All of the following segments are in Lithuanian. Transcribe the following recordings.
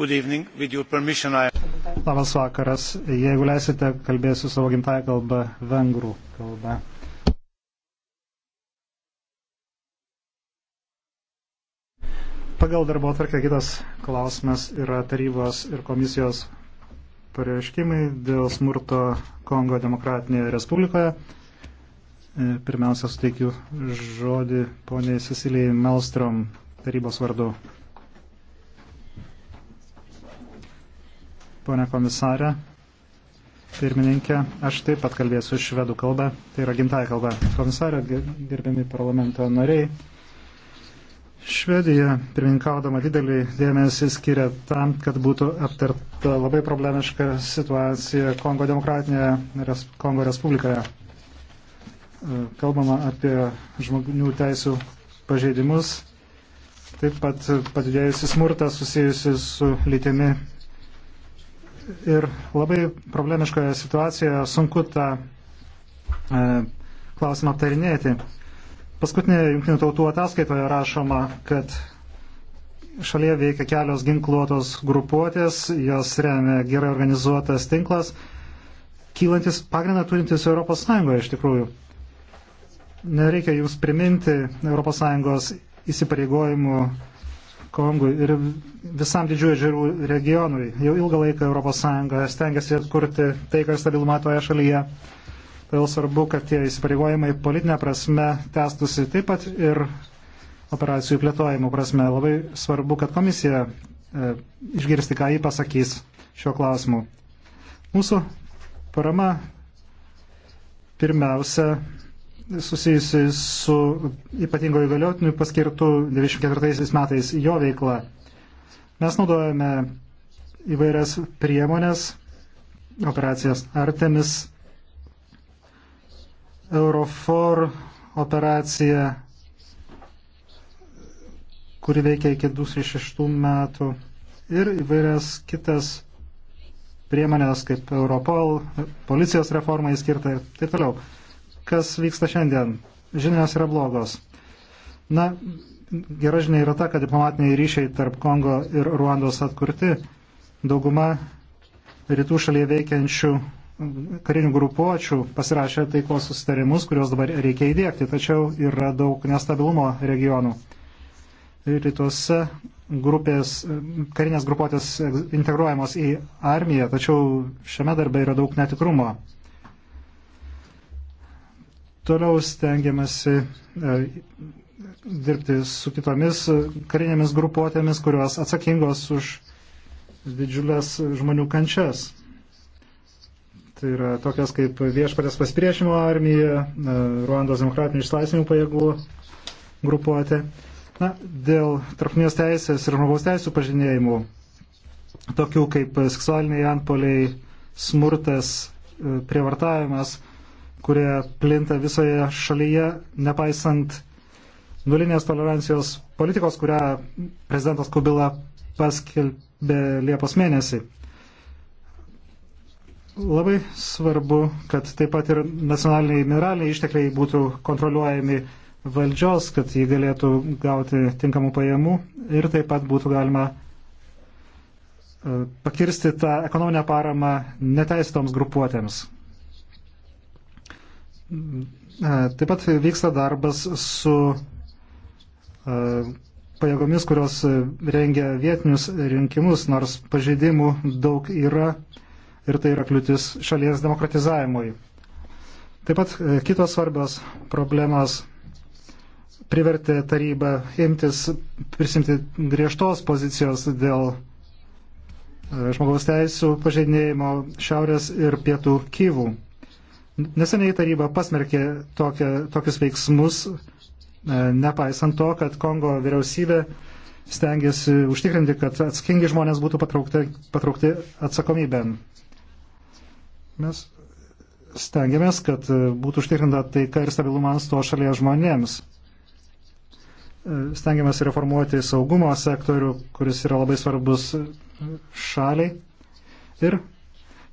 Evening, I... Labas vakaras. Jeigu leisite, kalbėsiu savo gimtąją kalbą, vengrų kalbą. Pagal darbo atvarkę kitas klausimas yra tarybos ir komisijos pareiškimai dėl smurto Kongo demokratinėje respublikoje. E, pirmiausia, suteikiu žodį poniai Cecilijai Melstrom tarybos vardu. Pone komisarė, pirmininkė, aš taip pat kalbėsiu švedų kalbą, tai yra gimtaja kalba. Komisarė, gerbiami parlamento nariai, Švedija, pirmininkaudama didelį dėmesį, skiria tam, kad būtų aptarta labai problemiška situacija Kongo demokratinėje Kongo Respublikoje. Kalbama apie žmonių teisų pažeidimus, taip pat padidėjusi smurtą susijusi su lytimi ir labai problemiškoje situacijoje sunku tą e, klausimą aptarinėti. Paskutinėje Junktinių tautų ataskaitoje rašoma, kad šalyje veikia kelios ginkluotos grupuotės, jos remia gerai organizuotas tinklas, kylantis pagrindą turintis ES iš tikrųjų. Nereikia jums priminti ES įsipareigojimų Kongui ir visam didžiųjų žirų regionui. Jau ilgą laiką ES stengiasi atkurti taiką ir stabilumą toje šalyje. Todėl svarbu, kad tie įsipareigojimai politinė prasme testusi taip pat ir operacijų plėtojimo prasme. Labai svarbu, kad komisija e, išgirsti, ką jį pasakys šiuo klausimu. Mūsų parama pirmiausia susijusi su ypatingo įgaliotiniu paskirtu 94 metais jo veikla. Mes naudojame įvairias priemonės, operacijas Artemis, Eurofor operacija, kuri veikia iki 2006 metų ir įvairias kitas priemonės kaip Europol, policijos reformai skirta ir taip toliau kas vyksta šiandien. Žinios yra blogos. Na, gera žinia yra ta, kad diplomatiniai ryšiai tarp Kongo ir Ruandos atkurti. Dauguma rytų šalyje veikiančių karinių grupuočių pasirašė taikos susitarimus, kuriuos dabar reikia įdėkti, tačiau yra daug nestabilumo regionų. Rytuose grupės, karinės grupuotės integruojamos į armiją, tačiau šiame darbe yra daug netikrumo. Toliau stengiamasi e, dirbti su kitomis karinėmis grupuotėmis, kurios atsakingos už didžiulės žmonių kančias. Tai yra tokias kaip viešpatės pasipriešimo armija, e, Ruandos demokratinių išlaisvimų pajėgų grupuotė. Na, dėl tarptautinės teisės ir žmogaus teisų pažinėjimų, tokių kaip seksualiniai antpoliai, smurtas, e, prievartavimas, kurie plinta visoje šalyje, nepaisant nulinės tolerancijos politikos, kurią prezidentas Kubila paskelbė Liepos mėnesį. Labai svarbu, kad taip pat ir nacionaliniai mineraliniai ištekliai būtų kontroliuojami valdžios, kad jį galėtų gauti tinkamų pajamų ir taip pat būtų galima e, pakirsti tą ekonominę paramą neteisėtoms grupuotėms. Taip pat vyksta darbas su pajėgomis, kurios rengia vietinius rinkimus, nors pažeidimų daug yra ir tai yra kliūtis šalies demokratizavimui. Taip pat e, kitos svarbios problemos privertė tarybą imtis, prisimti griežtos pozicijos dėl e, žmogaus teisų pažeidinėjimo šiaurės ir pietų kyvų. Neseniai taryba pasmerkė tokia, tokius veiksmus, e, nepaisant to, kad Kongo vyriausybė stengiasi užtikrinti, kad atsakingi žmonės būtų patraukti, patraukti atsakomybėn. Mes stengiamės, kad būtų užtikrinta taika ir stabilumas to šalies žmonėms. E, stengiamės reformuoti saugumo sektorių, kuris yra labai svarbus šaliai. Ir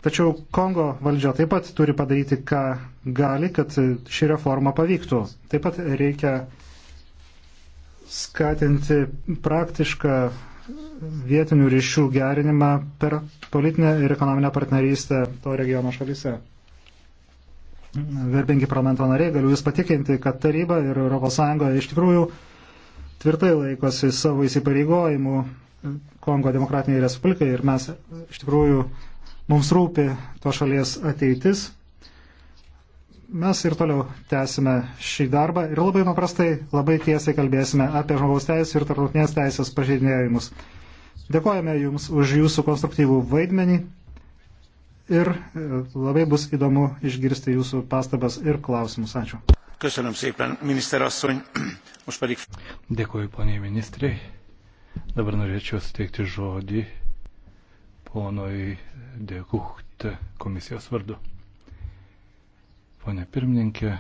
Tačiau Kongo valdžia taip pat turi padaryti, ką gali, kad ši reforma pavyktų. Taip pat reikia skatinti praktišką vietinių ryšių gerinimą per politinę ir ekonominę partnerystę to regiono šalyse. Verbingi parlamento nariai, galiu Jūs patikinti, kad taryba ir ES iš tikrųjų tvirtai laikosi savo įsipareigojimų Kongo demokratiniai respublikai ir mes iš tikrųjų Mums rūpi to šalies ateitis. Mes ir toliau tęsime šį darbą ir labai paprastai, labai tiesiai kalbėsime apie žmogaus teisų ir tarptautinės teisės pažeidinėjimus. Dėkojame Jums už Jūsų konstruktyvų vaidmenį ir e, labai bus įdomu išgirsti jūsų pastabas ir klausimus. Ačiū. Köszönöm szépen, miniszter asszony. Most pedig... Dėkuoju, poniai ministrei. Dabar norėčiau suteikti žodį ponui Dekucht komisijos vardu. Pone pirmininkė,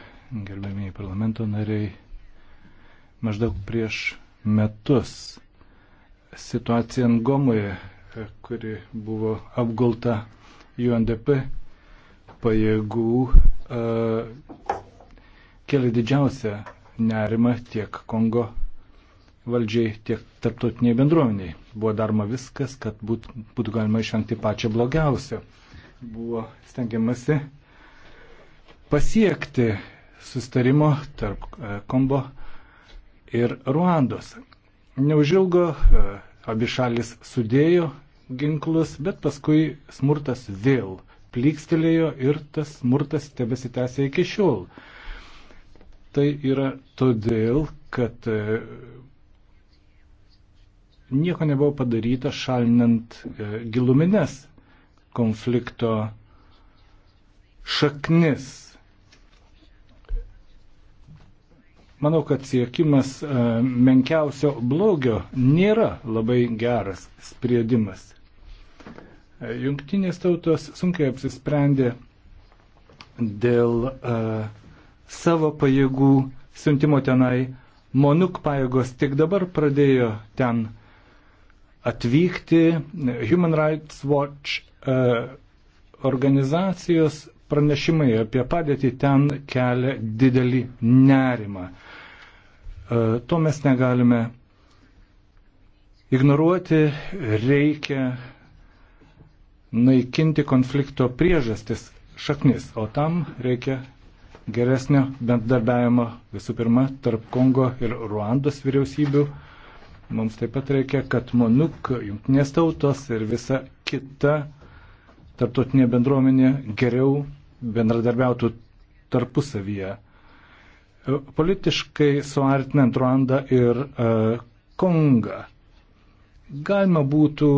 gerbėmiai parlamento nariai, maždaug prieš metus situacija Ngomoje, kuri buvo apgulta UNDP pajėgų, kelia didžiausią nerimą tiek Kongo valdžiai, tiek tarptautiniai bendruomeniai. Buvo daroma viskas, kad būt, būtų galima išvengti pačią blogiausią. Buvo stengiamasi pasiekti sustarimo tarp e, Kombo ir Ruandos. Neužilgo e, abi šalis sudėjo ginklus, bet paskui smurtas vėl plykstelėjo ir tas smurtas tebesitęsia iki šiol. Tai yra todėl, kad e, nieko nebuvo padaryta šalinant e, giluminės konflikto šaknis. Manau, kad siekimas e, menkiausio blogio nėra labai geras sprendimas. E, Junktinės tautos sunkiai apsisprendė dėl uh, savo pajėgų siuntimo tenai. Monuk pajėgos tik dabar pradėjo ten uh, atvykti. Human Rights Watch e, organizacijos pranešimai apie padėtį ten kelia didelį nerimą. E, to mes negalime ignoruoti, reikia naikinti konflikto priežastis, šaknis, o tam reikia geresnio bendarbiavimo visų pirma tarp Kongo ir Ruandos vyriausybių Mums taip pat reikia, kad MONUK, jungtinės tautos ir visa kita tarptautinė bendruomenė geriau bendradarbiautų tarpusavyje. Politiškai suartinant Ruandą ir uh, Kongą, galima būtų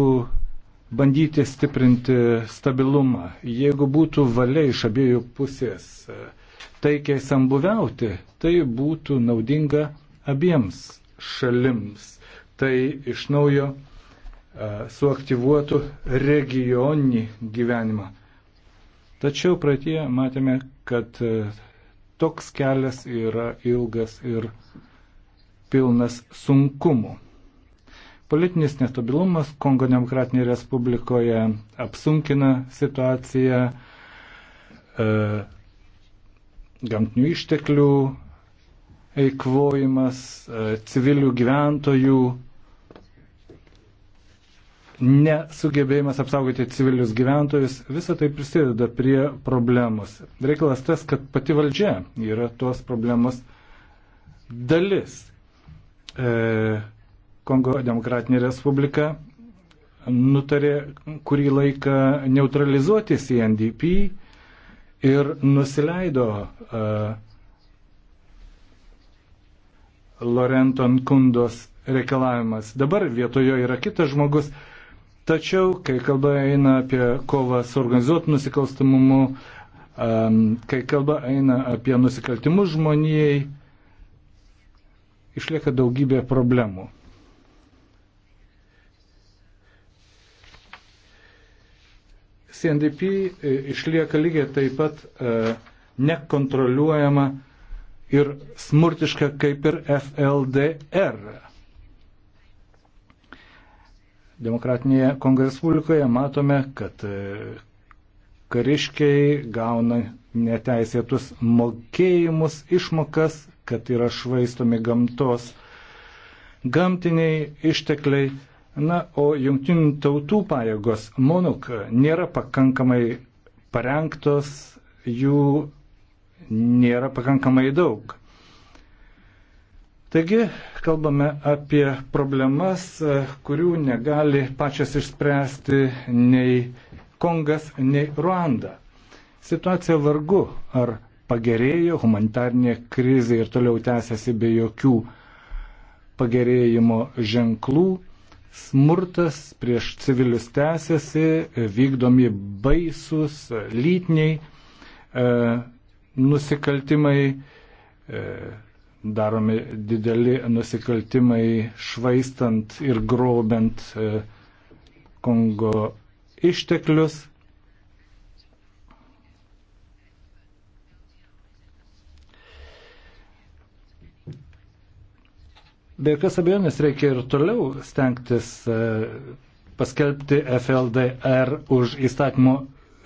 bandyti stiprinti stabilumą. Jeigu būtų valia iš abiejų pusės e, taikiai sambuviauti, tai būtų naudinga abiems šalims tai iš naujo e, suaktyvuotų regioninį gyvenimą. Tačiau praeitie matėme, kad e, toks kelias yra ilgas ir pilnas sunkumų. Politinis nestabilumas Kongo Demokratinėje Respublikoje apsunkina situaciją e, gamtinių išteklių eikvojimas, e, civilių gyventojų nesugebėjimas apsaugoti civilius gyventojus, visa tai prisideda prie problemos. Reikalas tas, kad pati valdžia yra tos problemos dalis. E, Kongo Demokratinė Respublika nutarė kurį laiką neutralizuoti CNDP ir nusileido uh, Lorenton Kundos reikalavimas. Dabar vietojo yra kitas žmogus, uh, Tačiau, kai kalba eina apie kovą su organizuotų nusikalstamumu, kai kalba eina apie nusikaltimus žmonijai, išlieka daugybė problemų. CNDP e, išlieka lygiai taip pat e, nekontroliuojama ir smurtiška kaip ir FLDR. Demokratinėje kongresvulikoje matome, kad e, kariškiai gauna neteisėtus mokėjimus, išmokas, kad yra švaistomi gamtos gamtiniai ištekliai. Na, o jungtinių tautų pajėgos MONUK nėra pakankamai parengtos, jų nėra pakankamai daug. Taigi, kalbame apie problemas, e, kurių negali pačias išspręsti nei Kongas, nei Ruanda. Situacija vargu ar pagerėjo, humanitarnė krizė ir toliau tęsiasi be jokių pagerėjimo ženklų. Smurtas prieš civilius tęsiasi, vykdomi baisus, lytiniai e, nusikaltimai, e, daromi dideli nusikaltimai švaistant ir grobent e, Kongo išteklius. Be jokios abejonės reikia ir toliau stengtis e, paskelbti FLDR už įstatymo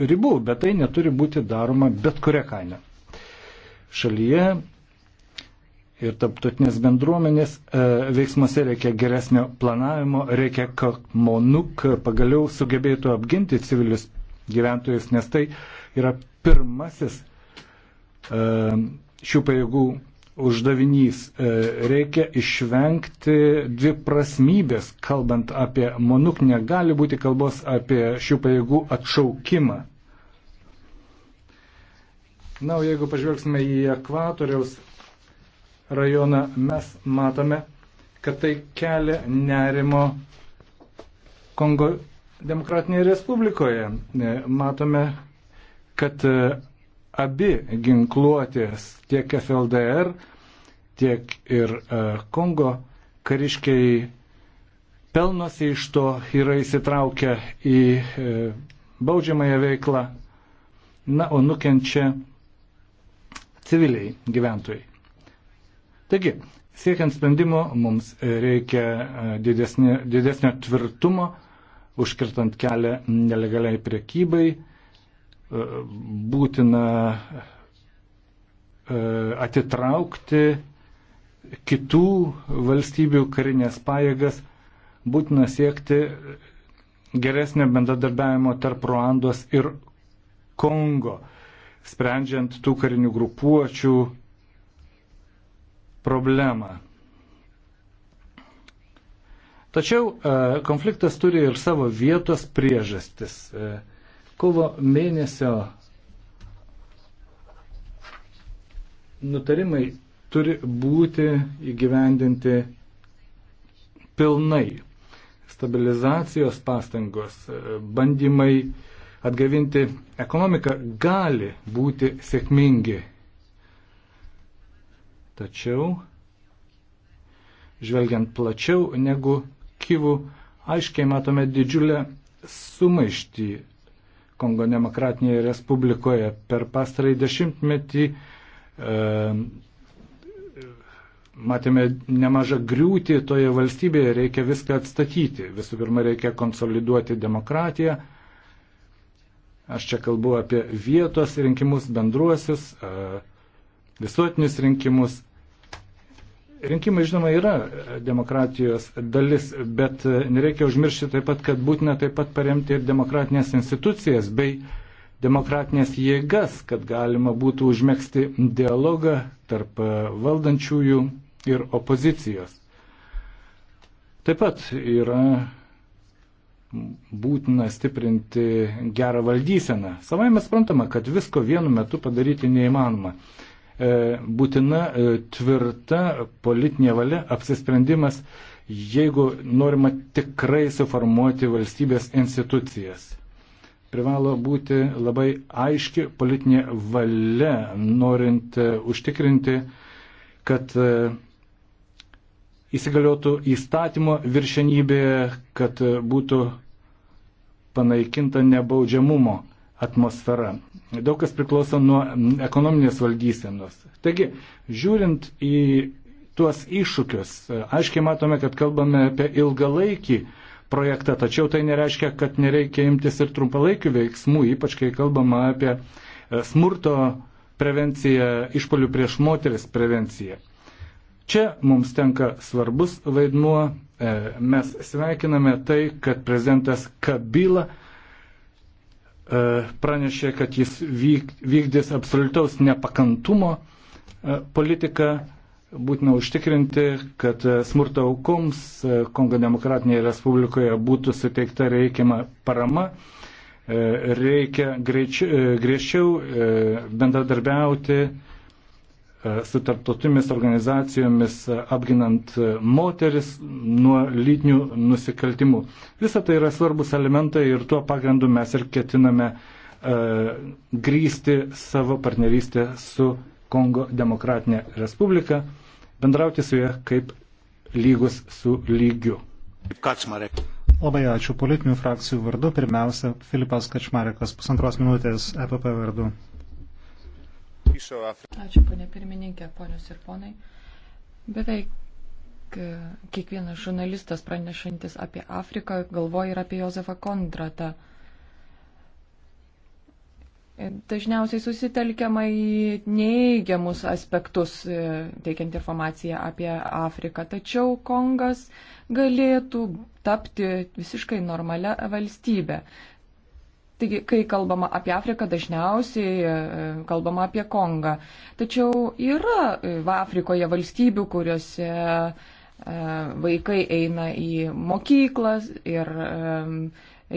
ribų, bet tai neturi būti daroma bet kuria kaina. Šalyje ir taptutinės bendruomenės e, veiksmuose reikia geresnio planavimo, reikia, kad MONUK pagaliau sugebėtų apginti civilius gyventojus, nes tai yra pirmasis e, šių pajėgų uždavinys. E, reikia išvengti dviprasmybės, kalbant apie MONUK, negali būti kalbos apie šių pajėgų atšaukimą. Na, o jeigu pažvelgsime į ekvatoriaus rajoną, mes matome, kad tai kelia nerimo Kongo Demokratinėje Respublikoje. E, matome, kad e, abi ginkluotės, tiek FLDR, tiek ir e, Kongo kariškiai pelnosi iš to, yra įsitraukę į baudžiamąją veiklą, na, o nukenčia civiliai gyventojai. Taigi, siekiant sprendimo mums reikia e, didesnė, didesnio tvirtumo, užkirtant kelią nelegaliai priekybai, e, būtina e, atitraukti kitų valstybių karinės pajėgas, būtina siekti geresnio bendradarbiavimo tarp Ruandos ir Kongo, sprendžiant tų karinių grupuočių problemą. Tačiau e, konfliktas turi ir savo vietos priežastis. E, kovo mėnesio nutarimai turi būti įgyvendinti pilnai. Stabilizacijos pastangos, e, bandymai atgavinti ekonomiką gali būti sėkmingi Tačiau, žvelgiant plačiau negu Kyvų, aiškiai matome didžiulę sumaištį Kongo demokratinėje Respublikoje per pastarąjį dešimtmetį. E, matėme nemažą griūtį toje valstybėje, reikia viską atstatyti. Visų pirma, reikia konsoliduoti demokratiją. Aš čia kalbu apie vietos rinkimus bendruosius. E, visuotinius rinkimus. Rinkimai, žinoma, yra demokratijos dalis, bet e, nereikia užmiršti taip pat, kad būtina taip pat paremti ir demokratinės institucijas bei demokratinės jėgas, kad galima būtų užmėgsti dialogą tarp e, valdančiųjų ir opozicijos. Taip pat yra būtina stiprinti gerą valdyseną. Savai mes sprantama, kad visko vienu metu padaryti neįmanoma. E, būtina e, tvirta politinė valia, apsisprendimas, jeigu norima tikrai suformuoti valstybės institucijas. Privalo būti labai aiški politinė valia, norint e, užtikrinti, kad įsigaliotų įstatymo viršenybė, kad būtų panaikinta nebaudžiamumo atmosfera. Daug kas priklauso nuo ekonominės valdysenos. Taigi, žiūrint į tuos iššūkius, e, aiškiai matome, kad kalbame apie ilgalaikį projektą, tačiau tai nereiškia, kad nereikia imtis ir trumpalaikių veiksmų, ypač kai kalbama apie e, smurto prevenciją, išpolių prieš moteris prevenciją. Čia mums tenka svarbus vaidmuo. E, mes sveikiname tai, kad prezidentas Kabila E, pranešė, kad jis vykdys absoliutaus nepakantumo e, politiką. Būtina užtikrinti, kad e, smurto aukoms Kongo demokratinėje Respublikoje būtų suteikta reikiama parama. Reikia greičiau, griežčiau bendradarbiauti E, su tarptautomis organizacijomis e, apginant e, moteris nuo lytinių nusikaltimų. Visa tai yra svarbus elementai ir tuo pagrindu mes ir ketiname uh, grįsti savo partnerystę su Kongo Demokratinė Respublika, bendrauti su ja kaip lygus su lygiu. Kačmarek. Labai ačiū politinių frakcijų vardu. Pirmiausia, Filipas Kačmarekas, pusantros minutės EPP vardu. Ačiū, ponė pirmininkė, ponios ir ponai. Beveik e, kiekvienas žurnalistas pranešantis apie Afriką galvoja ir apie Jozefą Kontratą. E, dažniausiai susitelkiama į neįgiamus aspektus, e, teikiant informaciją apie Afriką. Tačiau Kongas galėtų tapti visiškai normalią valstybę. Taigi, kai kalbama apie Afriką, dažniausiai e, kalbama apie Kongą. Tačiau yra e, Afrikoje valstybių, kuriuose e, vaikai eina į mokyklas ir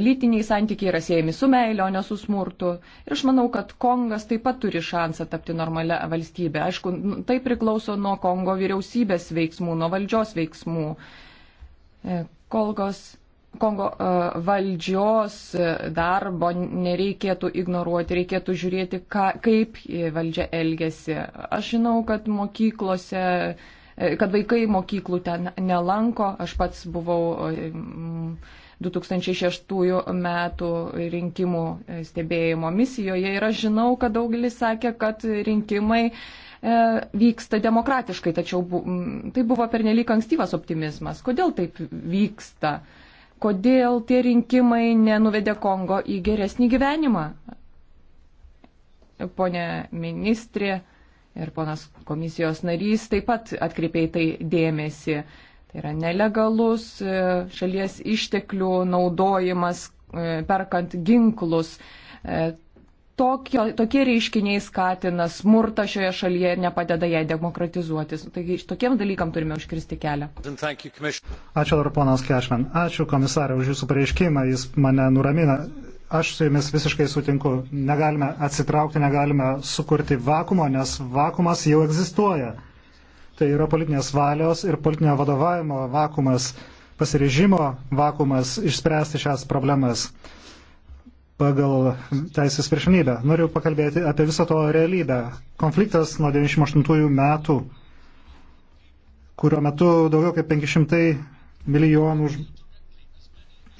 lytiniai santykiai yra siejami su meilė, o ne su smurtu. Ir aš manau, kad Kongas taip pat turi šansą tapti normalią valstybę. Aišku, tai priklauso nuo Kongo vyriausybės veiksmų, nuo valdžios veiksmų. Kolgos Kongo e, valdžios e, darbo nereikėtų ignoruoti, reikėtų žiūrėti, ką, kaip e, valdžia elgesi. Aš žinau, kad mokyklose, kad vaikai mokyklų ten nelanko, aš pats buvau 2006 metų rinkimų stebėjimo misijoje ir aš žinau, kad daugelis sakė, kad rinkimai vyksta demokratiškai, tačiau tai buvo pernelyg ankstyvas optimizmas. Kodėl taip vyksta? kodėl tie rinkimai nenuvedė Kongo į geresnį gyvenimą. Pone ministrė ir ponas komisijos narys taip pat atkreipė į tai dėmesį. Tai yra nelegalus e, šalies išteklių naudojimas, e, perkant ginklus. E, tokio, tokie reiškiniai skatina smurtą šioje šalyje ir nepadeda jai demokratizuotis. Taigi tokiems dalykam turime užkirsti kelią. Ačiū dar ponas Kešman. Ačiū komisarė už jūsų pareiškimą. Jis mane nuramina. Aš su jumis visiškai sutinku. Negalime atsitraukti, negalime sukurti vakumo, nes vakumas jau egzistuoja. Tai yra politinės valios ir politinio vadovavimo vakumas, pasirežimo vakumas išspręsti šias problemas pagal teisės priešinybę. Noriu pakalbėti apie viso to realybę. Konfliktas nuo 98 metų, kurio metu daugiau kaip 500 milijonų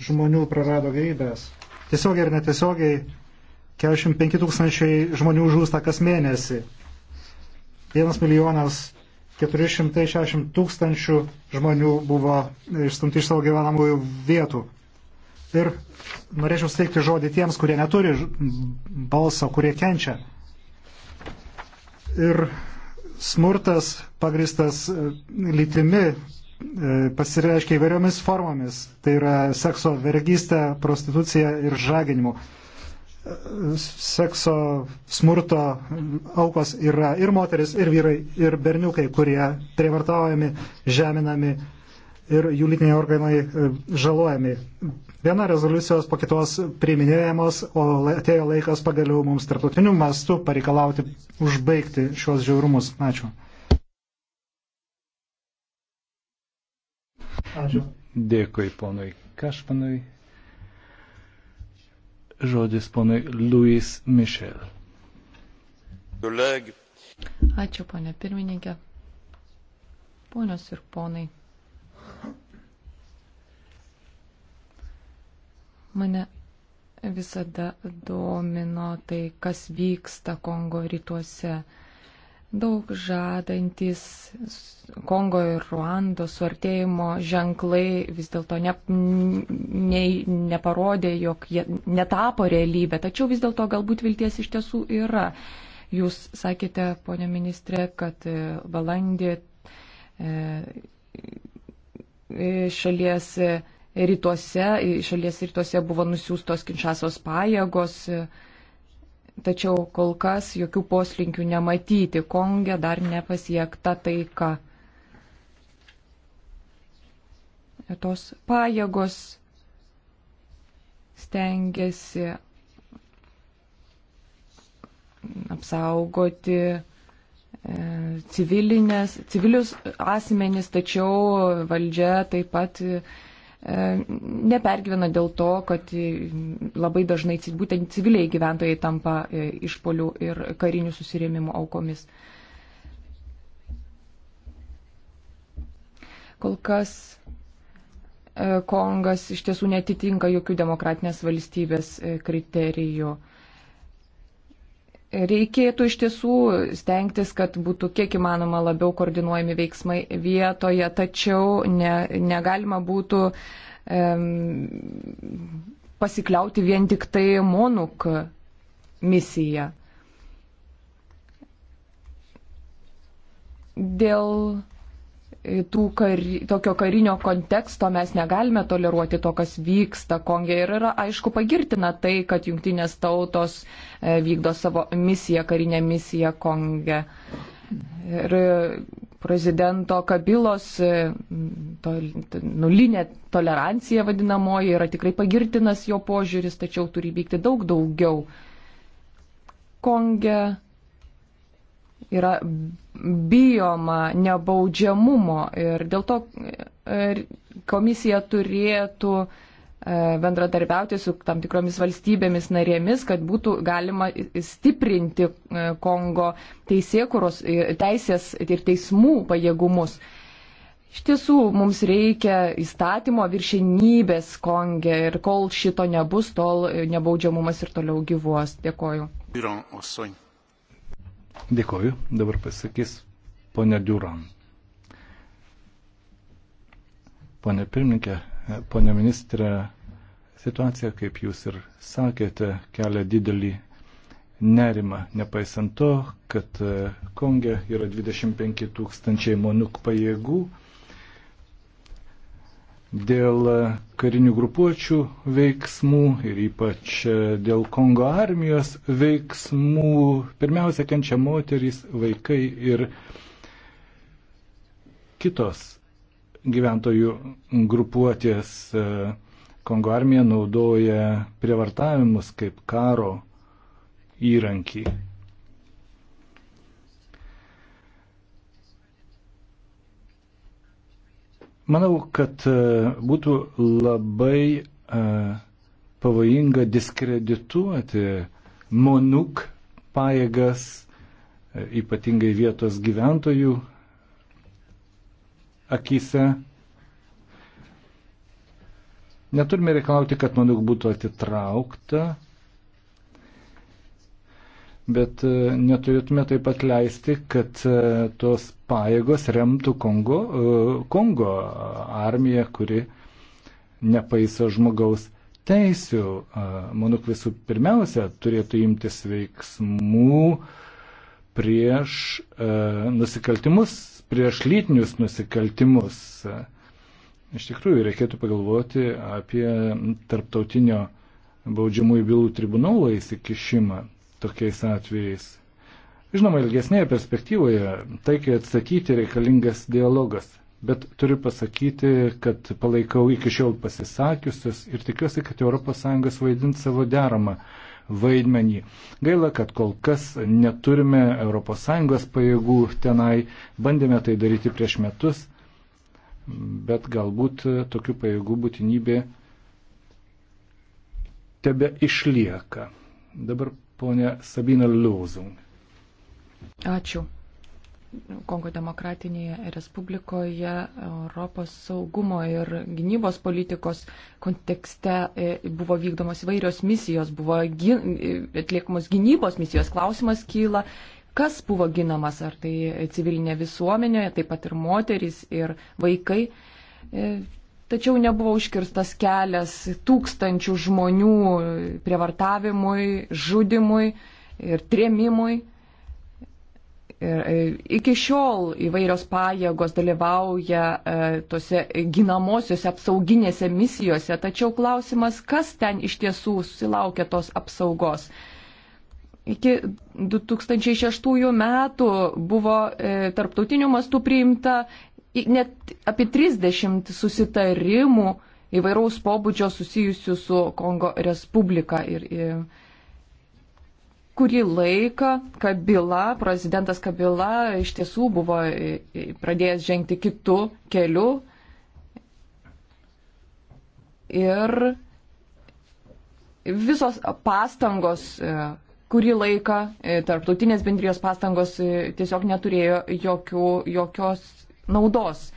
žmonių prarado gyvybės. Tiesiogiai ir netiesiogiai 45 tūkstančiai žmonių žūsta kas mėnesį. 1 milijonas 460 tūkstančių žmonių buvo išstumti iš savo gyvenamųjų vietų. Ir norėčiau steigti žodį tiems, kurie neturi balso, kurie kenčia. Ir smurtas pagristas e, lytimi e, pasireiškia įvairiomis formomis. Tai yra sekso vergystė, prostitucija ir žaginimu. Sekso smurto aukos yra ir moteris, ir vyrai, ir berniukai, kurie prievartaujami, žeminami ir jų lytiniai organai e, žalojami. Viena rezoliucijos po kitos priiminėjamos, o atėjo laikas pagaliau mums tarptautiniu mastu pareikalauti užbaigti šios žiaurumus. Ačiū. Ačiū. Dėkui ponui Kašpanui. Žodis ponui Louis Michel. Ačiū, ponė pirmininkė. Ponios ir ponai. Mane visada domino tai, kas vyksta Kongo rytuose. Daug žadantis Kongo ir Ruando suartėjimo ženklai vis dėlto ne, ne, neparodė, jog jie netapo realybė, tačiau vis dėlto galbūt vilties iš tiesų yra. Jūs sakėte, ponė ministrė, kad valandį e, e, e, šalies rytuose, šalies rytuose buvo nusiųstos Kinšasos pajėgos, tačiau kol kas jokių poslinkių nematyti. Konge dar nepasiekta taika. Tos pajėgos stengiasi apsaugoti e, civilinės, civilius asmenys, tačiau valdžia taip pat E, nepergyvena dėl to, kad labai dažnai būtent civiliai gyventojai tampa e, išpolių ir karinių susirėmimų aukomis. Kol kas e, Kongas iš tiesų netitinka jokių demokratinės valstybės kriterijų. Reikėtų iš tiesų stengtis, kad būtų kiek įmanoma labiau koordinuojami veiksmai vietoje, tačiau ne, negalima būtų um, pasikliauti vien tik tai MONUK misiją. Dėl kar, tokio karinio konteksto mes negalime toleruoti to, kas vyksta Kongė. Ir yra aišku pagirtina tai, kad jungtinės tautos e, vykdo savo misiją, karinę misiją Kongė. Ir prezidento Kabilos e, to, nulinė tolerancija vadinamoji yra tikrai pagirtinas jo požiūris, tačiau turi vykti daug daugiau. Kongė yra bijoma nebaudžiamumo ir dėl to e, komisija turėtų e, bendradarbiauti su tam tikromis valstybėmis narėmis, kad būtų galima stiprinti e, Kongo teisėkuros, teisės ir teismų pajėgumus. Iš tiesų, mums reikia įstatymo viršinybės Konge ir kol šito nebus, tol nebaudžiamumas ir toliau gyvuos. Dėkoju. Biron, Dėkoju. Dabar pasakys ponia Duran. Pone pirmininkė, pone ministrė, situacija, kaip jūs ir sakėte, kelia didelį nerimą, nepaisant to, kad Konge yra 25 tūkstančiai monuk pajėgų dėl e, karinių grupuočių veiksmų ir ypač e, dėl Kongo armijos veiksmų. Pirmiausia, kenčia moterys, vaikai ir kitos gyventojų grupuotės. E, Kongo armija naudoja prievartavimus kaip karo įrankį. Manau, kad e, būtų labai e, pavojinga diskredituoti monuk paėgas, e, ypatingai vietos gyventojų akise. Neturime reikalauti, kad monuk būtų atitraukta bet e, neturėtume taip pat leisti, kad e, tos pajėgos remtų Kongo, e, Kongo armiją, kuri nepaiso žmogaus teisių. Manuk visų pirmiausia turėtų imtis veiksmų prieš nusikaltimus, prieš lytinius nusikaltimus. Iš tikrųjų, reikėtų pagalvoti apie tarptautinio baudžiamųjų bylų tribunolo įsikišimą tokiais atvejais. Žinoma, ilgesnėje perspektyvoje taikiai atsakyti reikalingas dialogas, bet turiu pasakyti, kad palaikau iki šiol pasisakiusius ir tikiuosi, kad ES vaidins savo deramą vaidmenį. Gaila, kad kol kas neturime ES pajėgų tenai, bandėme tai daryti prieš metus, bet galbūt tokių pajėgų būtinybė tebe išlieka. Dabar ponia Sabina Lūzung. Ačiū. Kongo demokratinėje Respublikoje Europos saugumo ir gynybos politikos kontekste e, buvo vykdomos įvairios misijos, buvo e, atliekamos gynybos misijos. Klausimas kyla, kas buvo ginamas, ar tai civilinė visuomenė, taip pat ir moterys ir vaikai. E, tačiau nebuvo užkirstas kelias tūkstančių žmonių prievartavimui, žudimui ir trėmimui. Ir e, iki šiol įvairios pajėgos dalyvauja e, tose ginamosiose apsauginėse misijose, tačiau klausimas, kas ten iš tiesų susilaukia tos apsaugos. Iki 2006 metų buvo e, tarptautiniu mastu priimta net apie 30 susitarimų įvairaus pobūdžio susijusių su Kongo Respublika. Ir, ir kurį laiką Kabila, prezidentas Kabila iš tiesų buvo pradėjęs žengti kitų kelių. Ir visos pastangos kurį laiką tarptautinės bendrijos pastangos tiesiog neturėjo jokių, jokios naudos.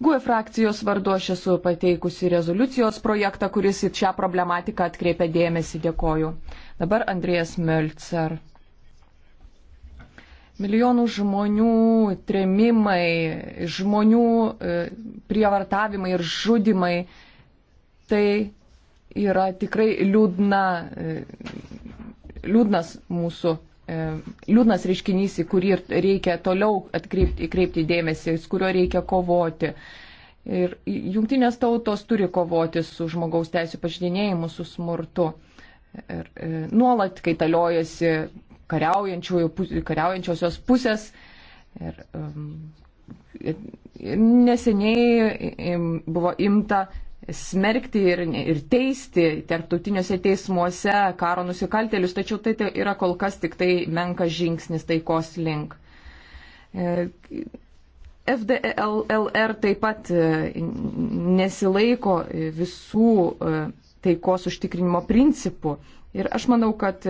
GUE frakcijos vardu aš esu pateikusi rezoliucijos projektą, kuris į šią problematiką atkreipia dėmesį. Dėkoju. Dabar Andrėjas Melcer. Milijonų žmonių tremimai, žmonių e, prievartavimai ir žudimai. Tai yra tikrai liūdna, e, liūdnas mūsų E, liūdnas reiškinys, į kurį reikia toliau atkreipti, atkreipti dėmesį, su kuriuo reikia kovoti. Ir jungtinės tautos turi kovoti su žmogaus teisų pažydinėjimu, su smurtu. Ir e, nuolat kaitaliojasi kariaujančiosios pusės. Ir, um, neseniai buvo imta smerkti ir, ir teisti tarptautiniuose teismuose karo nusikaltelius, tačiau tai, tai yra kol kas tik tai menkas žingsnis taikos link. E, FDLR taip pat e, nesilaiko visų e, taikos užtikrinimo principų. Ir aš manau, kad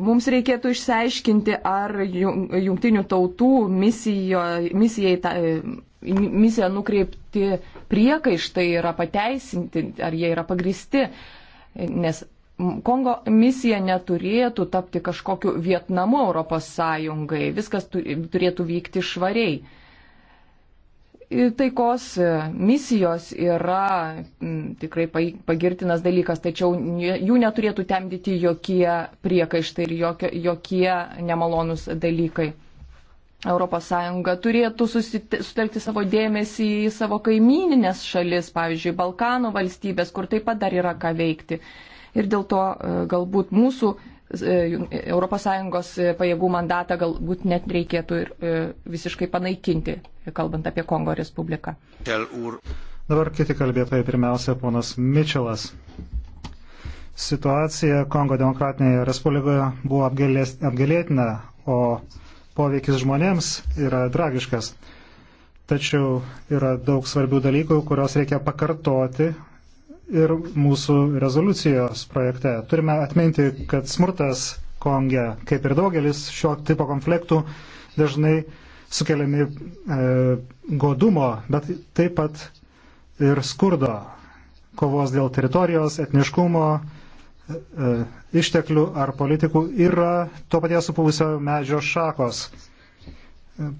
Mums reikėtų išsiaiškinti, ar jungtinių tautų misijo, misijai ta, misiją nukreipti priekaištai yra pateisinti, ar jie yra pagristi, nes Kongo misija neturėtų tapti kažkokiu Vietnamu Europos Sąjungai, viskas turėtų vykti švariai taikos misijos yra m, tikrai pagirtinas dalykas, tačiau jų neturėtų temdyti jokie priekaištai ir jokie, jokie nemalonūs dalykai. ES turėtų sutelkti savo dėmesį į savo kaimininės šalis, pavyzdžiui, Balkanų valstybės, kur taip pat dar yra ką veikti. Ir dėl to e, galbūt mūsų ES e, pajėgų mandatą galbūt net reikėtų ir e, visiškai panaikinti, kalbant apie Kongo Respubliką. Dabar kiti kalbėtojai, pirmiausia, ponas Mičelas. Situacija Kongo Demokratinėje Respublikoje buvo apgailėtina, o poveikis žmonėms yra dragiškas. Tačiau yra daug svarbių dalykų, kurios reikia pakartoti ir mūsų rezoliucijos projekte. Turime atminti, kad smurtas Konge, kaip ir daugelis šio tipo konfliktų, dažnai sukeliami e, godumo, bet taip pat ir skurdo, kovos dėl teritorijos, etniškumo, E, išteklių ar politikų yra to paties supuvusio medžio šakos. E,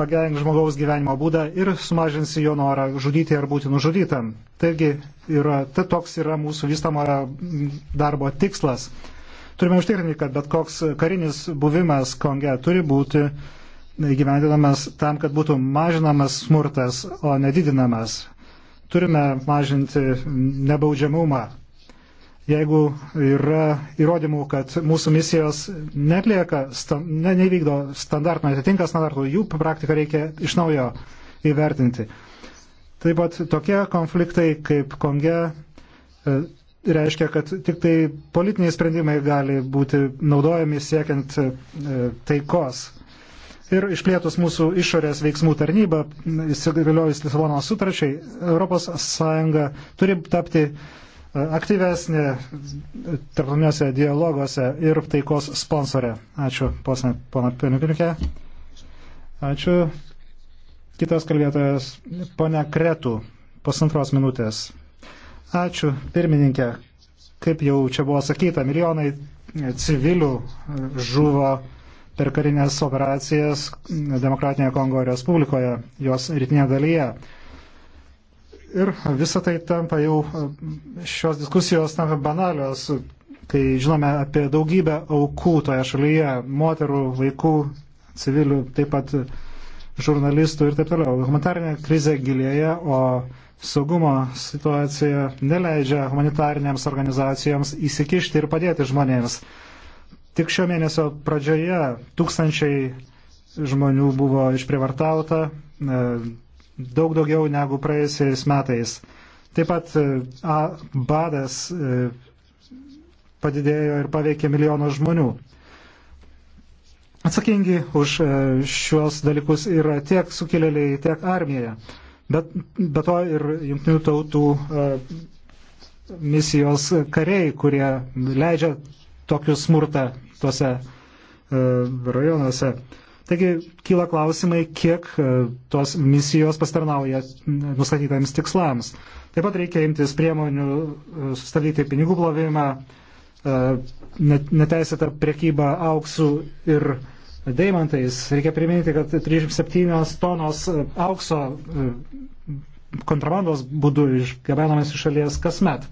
Pagerink žmogaus gyvenimo būdą ir sumažinsi jo norą žudyti ar būti nužudytam. Taigi, yra, tai toks yra mūsų vystamojo darbo tikslas. Turime užtikrinti, kad bet koks karinis buvimas Konge turi būti įgyvendinamas tam, kad būtų mažinamas smurtas, o nedidinamas. Turime mažinti nebaudžiamumą jeigu yra įrodymų, kad mūsų misijos netlieka, ne, nevykdo standartų, netitinka standartų, jų praktiką reikia iš naujo įvertinti. Taip pat tokie konfliktai kaip Konge e, reiškia, kad tik tai politiniai sprendimai gali būti naudojami siekiant e, taikos. Ir išplėtus mūsų išorės veiksmų tarnybą, įsigaliojus Lisabono sutračiai, ES turi tapti aktyvesnė tarptautiniuose dialoguose ir taikos sponsorė. Ačiū, posme, pana Pirmininkė. Ačiū. Kitas kalbėtojas, ponia Kretų, pusantros minutės. Ačiū, pirmininkė. Kaip jau čia buvo sakyta, milijonai civilių žuvo per karinės operacijas Demokratinėje Kongo Respublikoje, jos rytinėje dalyje. Ir visą tai tampa jau, šios diskusijos tampa banalios, kai žinome apie daugybę aukų toje šalyje, moterų, vaikų, civilių, taip pat žurnalistų ir taip toliau. Humanitarinė krizė gilėja, o saugumo situacija neleidžia humanitarinėms organizacijoms įsikišti ir padėti žmonėms. Tik šio mėnesio pradžioje tūkstančiai žmonių buvo išprivartauta, daug daugiau negu praėjusiais metais. Taip pat e, a, badas e, padidėjo ir paveikė milijonų žmonių. Atsakingi už e, šios dalykus yra tiek sukilėliai, tiek armija. Bet be to ir jungtinių tautų e, misijos kariai, kurie leidžia tokius smurtą tuose e, rajonuose. Taigi kyla klausimai, kiek e, tos misijos pastarnauja nustatytams tikslams. Taip pat reikia imtis priemonių e, sustabdyti pinigų plovimą, e, neteisėtą priekybą auksų ir deimantais. Reikia priminti, kad 37 tonos aukso kontrabandos būdu išgabenamas iš šalies kasmet.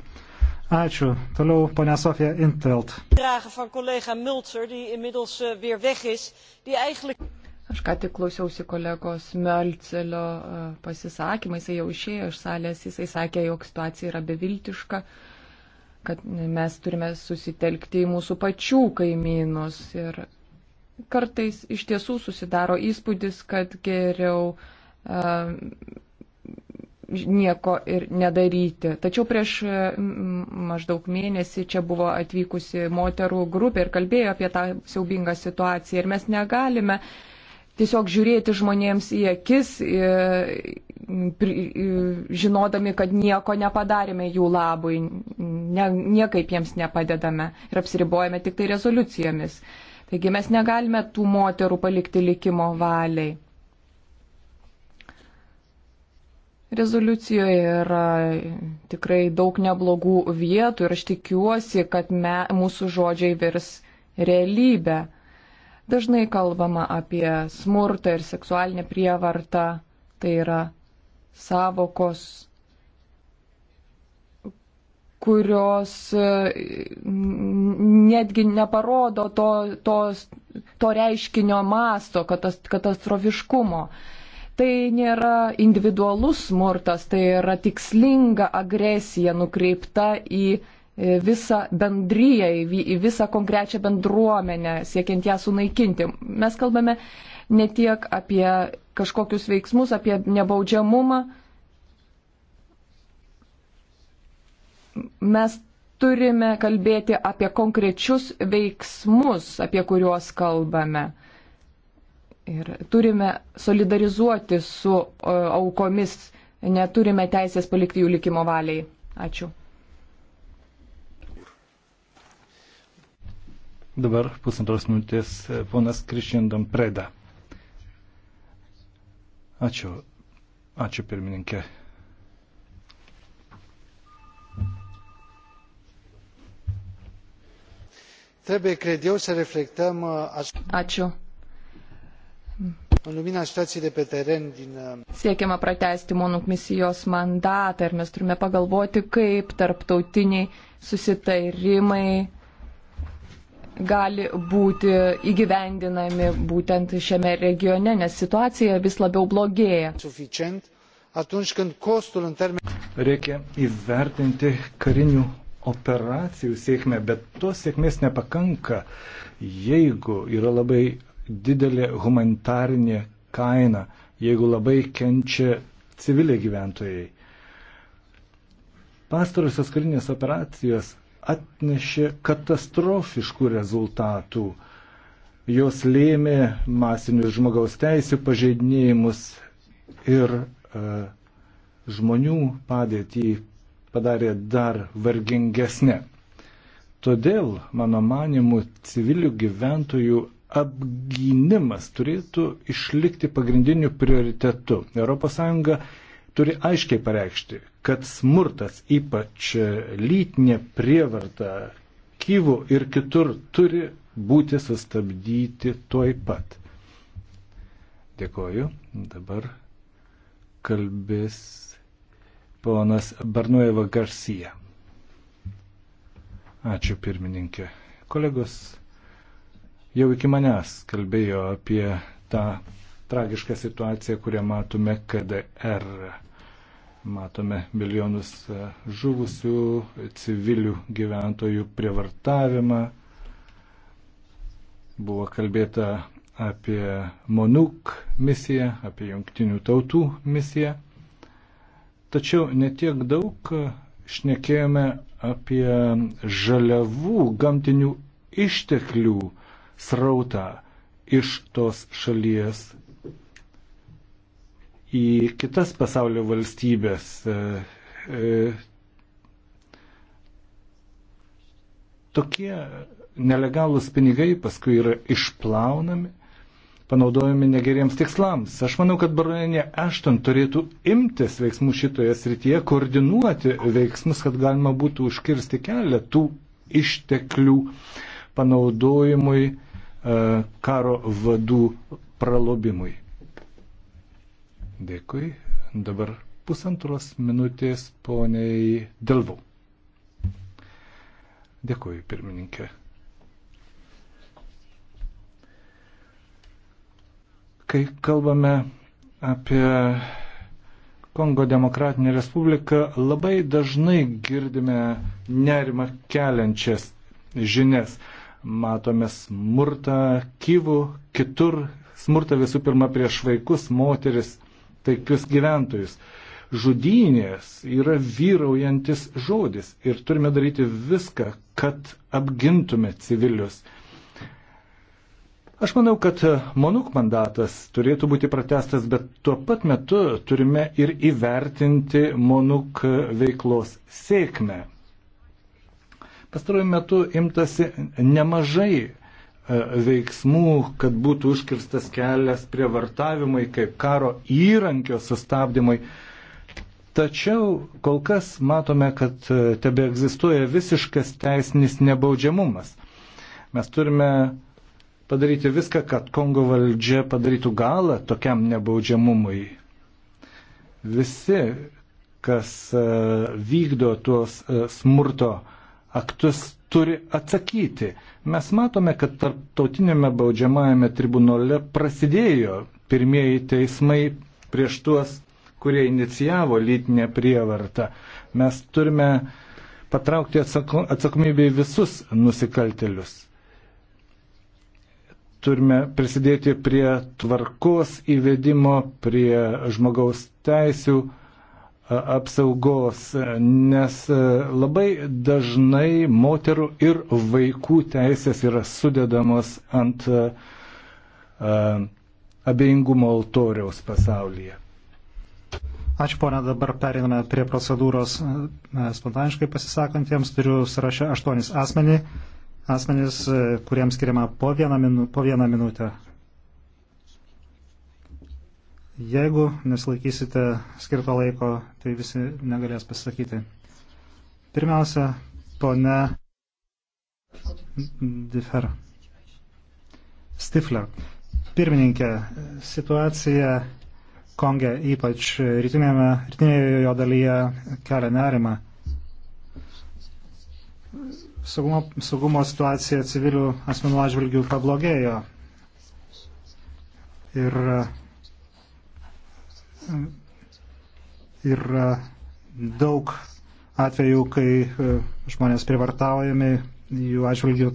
Ačiū. Toliau ponia Sofija Intveld. Vragen van collega Mulzer, die inmiddels uh, weer weg is, die eigenlijk... Aš ką tik klausiausi kolegos Melcelio e, pasisakymą, jisai jau išėjo iš salės, jisai sakė, jog situacija yra beviltiška, kad mes turime susitelkti į mūsų pačių kaimynus. Ir kartais iš tiesų susidaro įspūdis, kad geriau uh, nieko ir nedaryti. Tačiau prieš e, maždaug mėnesį čia buvo atvykusi moterų grupė ir kalbėjo apie tą siaubingą situaciją. Ir mes negalime uh, tiesiog žiūrėti žmonėms į akis, e, e, žinodami, kad nieko nepadarėme jų labui, ne, niekaip jiems nepadedame ir apsiribojame tik tai rezoliucijomis. Taigi mes negalime tų moterų palikti likimo valiai. Rezoliucijoje yra tikrai daug neblogų vietų ir aš tikiuosi, kad me, mūsų žodžiai virs realybę Dažnai kalbama apie smurtą ir seksualinę prievartą, tai yra savokos, kurios e, netgi neparodo to, to, to reiškinio masto, katastrofiškumo tai nėra individualus smurtas, tai yra tikslinga agresija nukreipta į visą bendryją, į visą konkrečią bendruomenę, siekiant ją sunaikinti. Mes kalbame ne tiek apie kažkokius veiksmus, apie nebaudžiamumą. Mes turime kalbėti apie konkrečius veiksmus, apie kuriuos kalbame. Ir turime solidarizuoti su e, aukomis, neturime teisės palikti jų likimo valiai. Ačiū. Dabar pusantros minutės e, ponas Krišindam Preda. Ačiū. Ačiū pirmininkė. Trebuie, cred eu, să reflectăm uh, Ačiū. În lumina situației de pe teren din... Uh, Siekiama pratesti MONUK misijos mandatą ir mes turime pagalvoti, kaip tarptautiniai susitarimai gali būti įgyvendinami būtent šiame regione, nes situacija vis labiau blogėja. Reikia įvertinti karinių operacijų sėkmę, bet tos sėkmės nepakanka, jeigu yra labai didelė humanitarinė kaina, jeigu labai kenčia civiliai gyventojai. Pastarosios karinės operacijos atnešė katastrofiškų rezultatų. Jos lėmė masinius žmogaus teisų pažeidinėjimus ir e, žmonių padėtį padarė dar vargingesnę. Todėl, mano manimu, civilių gyventojų apgynimas turėtų išlikti pagrindiniu prioritetu. ES turi aiškiai pareikšti, kad smurtas, ypač lytinė prievarta, Kyvų ir kitur turi būti sustabdyti tuoj pat. Dėkoju. Dabar kalbės ponas Barnueva Garcia. Ačiū pirmininkė. Kolegos jau iki manęs kalbėjo apie tą tragišką situaciją, kurią matome KDR. Matome milijonus e, žuvusių civilių gyventojų prievartavimą. Buvo kalbėta apie MONUK misiją, apie jungtinių tautų misiją. Tačiau netiek daug e, šnekėjome apie žaliavų, gamtinių išteklių srautą iš tos šalies į kitas pasaulio valstybės. E, e, tokie nelegalūs pinigai paskui yra išplaunami, panaudojami negeriems tikslams. Aš manau, kad baronė Ešton turėtų imtis veiksmų šitoje srityje, koordinuoti veiksmus, kad galima būtų užkirsti kelią tų išteklių panaudojimui e, karo vadų pralobimui. Dėkui. Dabar pusantros minutės poniai Delvau. Dėkui, pirmininkė. Kai kalbame apie Kongo Demokratinę Respubliką, labai dažnai girdime nerimą keliančias žinias. Matome smurtą Kyvų, kitur smurtą visų pirma prieš vaikus, moteris, taikius gyventojus. Žudynės yra vyraujantis žodis ir turime daryti viską, kad apgintume civilius. Aš manau, kad Monuk mandatas turėtų būti pratestas, bet tuo pat metu turime ir įvertinti Monuk veiklos sėkmę. Pastaruoju metu imtasi nemažai E, veiksmų, kad būtų užkirstas kelias prievartavimui kaip karo įrankio sustabdymui. Tačiau kol kas matome, kad e, tebe egzistuoja visiškas teisinis nebaudžiamumas. Mes turime padaryti viską, kad Kongo valdžia padarytų galą tokiam nebaudžiamumui. Visi, kas e, vykdo tuos smurto aktus, turi atsakyti. Mes matome, kad tarptautinėme baudžiamajame tribunole prasidėjo pirmieji teismai prieš tuos, kurie inicijavo lytinę prievartą. Mes turime patraukti atsako, atsakomybę visus nusikaltelius. Turime prisidėti prie tvarkos įvedimo, prie žmogaus teisių apsaugos, nes e, labai dažnai moterų ir vaikų teisės yra sudedamos ant e, e, abejingumo altoriaus pasaulyje. Ačiū ponia, dabar periname prie procedūros spontaniškai pasisakantiems. Turiu sąrašę aštuonis asmenį, asmenys, kuriems skiriama po vieną, minu, po vieną minutę. Jeigu nesilaikysite skirto laiko, tai visi negalės pasakyti. Pirmiausia, pone Difer. Stifler. Pirmininkė, situacija Konge, ypač rytinėje jo dalyje, kelia nerimą. Saugumo, saugumo situacija civilių asmenų atžvilgių pablogėjo. Ir yra daug atvejų, kai e, žmonės privartaujami, jų atžvilgių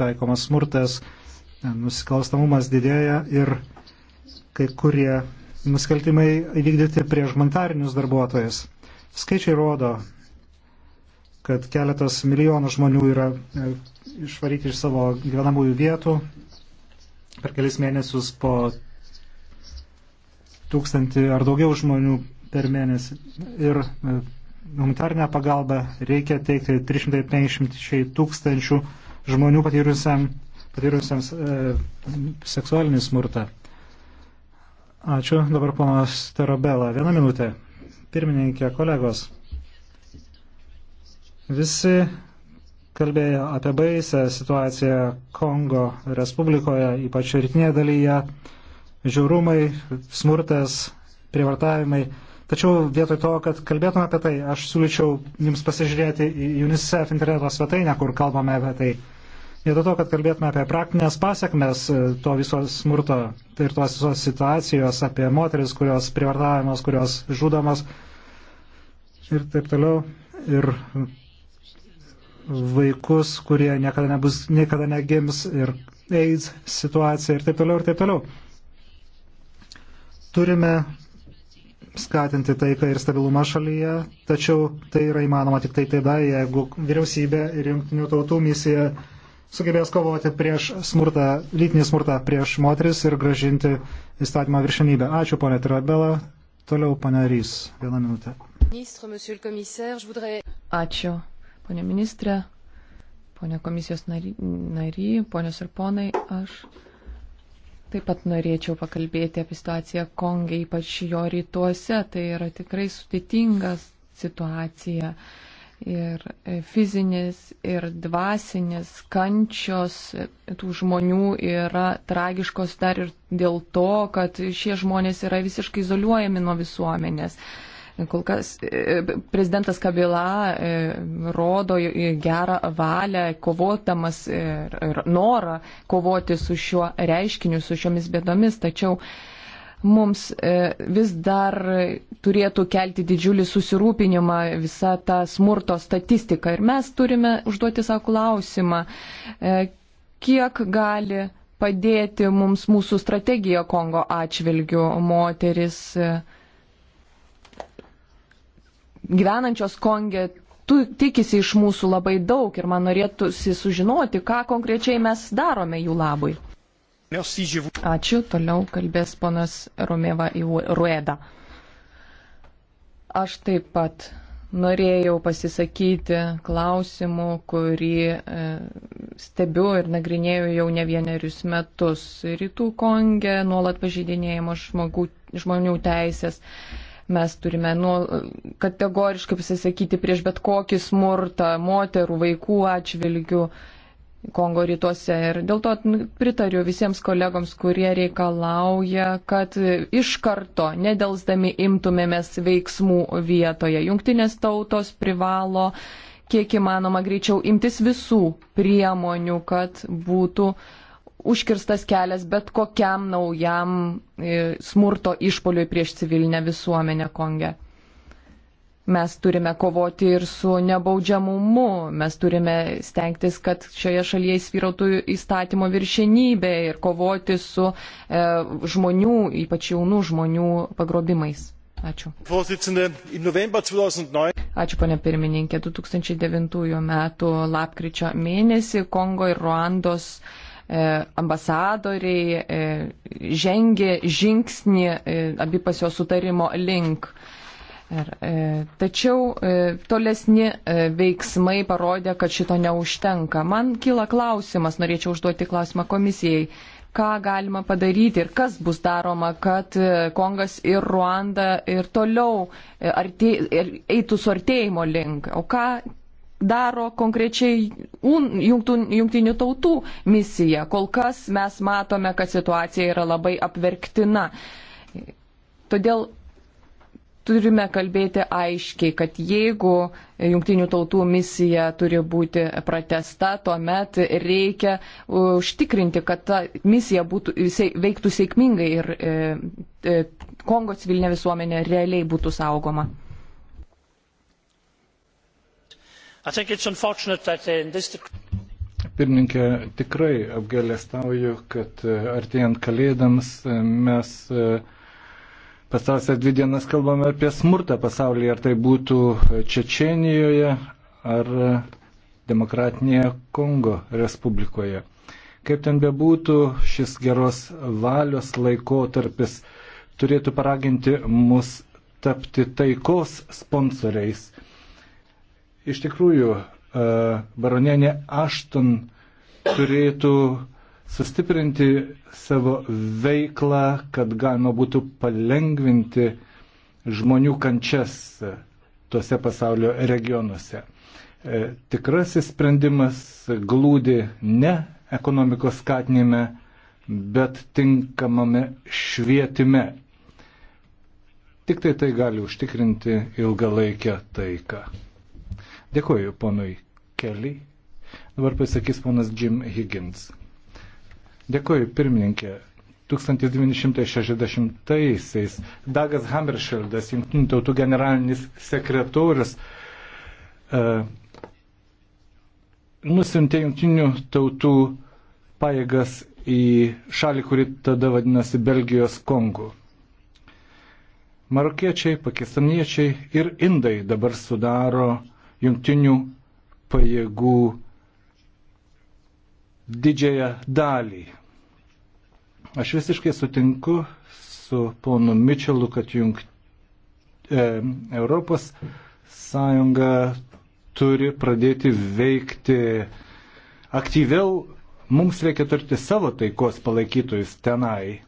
taikomas smurtas, e, nusikalstamumas didėja ir kai kurie nusikaltimai įvykdyti prieš humanitarinius darbuotojus. Skaičiai rodo, kad keletas milijonų žmonių yra e, išvaryti iš savo gyvenamųjų vietų per kelis mėnesius po tūkstantį ar daugiau žmonių per mėnesį. Ir e, humanitarinę pagalbą reikia teikti 350 tūkstančių žmonių patyrusiam, patyrusiams e, seksualinį smurtą. Ačiū. Dabar ponas Terabela. Vieną minutę. Pirmininkė, kolegos. Visi kalbėjo apie baisę situaciją Kongo Respublikoje, ypač rytinėje dalyje žiaurumai, smurtas, prievartavimai. Tačiau vietoj to, kad kalbėtume apie tai, aš siūlyčiau jums pasižiūrėti į UNICEF interneto svetainę, kur kalbame apie tai. Vietoj to, kad kalbėtume apie praktinės pasiekmes e, to viso smurto tai ir tos visos situacijos, apie moteris, kurios privartavimos, kurios žudomos ir taip toliau. Ir vaikus, kurie niekada, nebus, niekada negims ir AIDS situacija ir taip toliau ir taip toliau. Turime skatinti taiką ir stabilumą šalyje, tačiau tai yra įmanoma tik tai tada, jeigu vyriausybė ir jungtinių tautų misija sugebės kovoti prieš smurtą, lytinį smurtą prieš moteris ir gražinti įstatymą viršenybę. Ačiū, ponė Tirabela. Toliau, ponė Rys. Vieną minutę. Ačiū, ponė ministrė, ponė komisijos nary, nary ponios ir ponai. Aš Taip pat norėčiau pakalbėti apie situaciją Kongė, ypač jo rytuose. Tai yra tikrai sudėtinga situacija. Ir e, fizinis, ir dvasinis kančios tų žmonių yra tragiškos dar ir dėl to, kad šie žmonės yra visiškai izoliuojami nuo visuomenės. Kol kas e, prezidentas Kabila e, rodo gerą valią, kovotamas e, ir norą kovoti su šiuo reiškiniu, su šiomis bėdomis, tačiau mums vis dar turėtų kelti didžiulį susirūpinimą visa ta smurto statistika. Ir mes turime užduoti savo klausimą, kiek gali padėti mums mūsų strategija Kongo atšvilgių moteris. E, gyvenančios Kongė tu, tikisi iš mūsų labai daug ir man norėtųsi sužinoti, ką konkrečiai mes darome jų labui. Ačiū, toliau kalbės ponas Romėva Rueda. Aš taip pat norėjau pasisakyti klausimų, kurį e, stebiu ir nagrinėjau jau ne vienerius metus. Rytų Konge nuolat pažydinėjimo žmonių teisės. Mes turime nu, kategoriškai pasisakyti prieš bet kokį smurtą moterų, vaikų atžvilgių Kongo rytuose. Ir dėl to nu, pritariu visiems kolegoms, kurie reikalauja, kad iš karto, nedelsdami, imtumėmės veiksmų vietoje. Jungtinės tautos privalo kiek įmanoma greičiau imtis visų priemonių, kad būtų uh, užkirstas kelias bet kokiam naujam e, smurto išpoliui prieš civilinę visuomenę Konge. Mes turime kovoti ir su nebaudžiamumu, mes turime stengtis, kad šioje šalyje įsvyrautų įstatymo viršenybė ir kovoti su e, žmonių, ypač jaunų žmonių pagrobimais. Ačiū. Ačiū, ponė pirmininkė. 2009 m. lapkričio mėnesį Kongo ir Ruandos E, ambasadoriai e, žengė žingsnį e, abipasio sutarimo link. Ir, e, tačiau e, tolesni e, veiksmai parodė, kad šito neužtenka. Man kyla klausimas, norėčiau užduoti klausimą komisijai, ką galima padaryti ir kas bus daroma, kad e, Kongas ir Ruanda ir toliau e, artė, e, eitų suartėjimo link. O ką daro konkrečiai jungtinių tautų misija. Kol kas mes matome, kad situacija yra labai apverktina. Todėl turime kalbėti aiškiai, kad jeigu jungtinių tautų misija turi būti pratesta, tuomet reikia užtikrinti, kad ta misija būtų, veiktų sėkmingai ir e, e, Kongo civilinė visuomenė realiai būtų saugoma. Uh, this... Pirmininkė, tikrai apgėlėstauju, kad uh, artėjant kalėdams uh, mes pasausią dvi dienas kalbame apie smurtą pasaulyje, ar tai būtų Čečenijoje ar Demokratinėje Kongo Respublikoje. Kaip ten bebūtų, šis geros valios laikotarpis turėtų paraginti mus tapti taikos sponsoriais iš tikrųjų e, baronienė Ašton turėtų sustiprinti savo veiklą, kad galima būtų palengvinti žmonių kančias tuose pasaulio regionuose. E, tikrasis sprendimas glūdi ne ekonomikos skatinime, bet tinkamame švietime. Tik tai tai gali užtikrinti ilgalaikę taiką. Dėkuoju ponui Kelly. Dabar pasakys ponas Jim Higgins. Dėkuoju pirmininkė. 1960-aisiais Dagas Hammerschildas, jungtinių tautų generalinis sekretorius, uh, e, nusintė jungtinių tautų pajėgas į šalį, kuri tada vadinasi Belgijos Kongu. Marokiečiai, pakistaniečiai ir indai dabar sudaro uh, jungtinių pajėgų didžiąją dalį. Aš visiškai sutinku su ponu Mičelu, kad jungt, e, Europos Sąjunga turi pradėti veikti aktyviau. Mums reikia turti savo taikos palaikytojus tenai.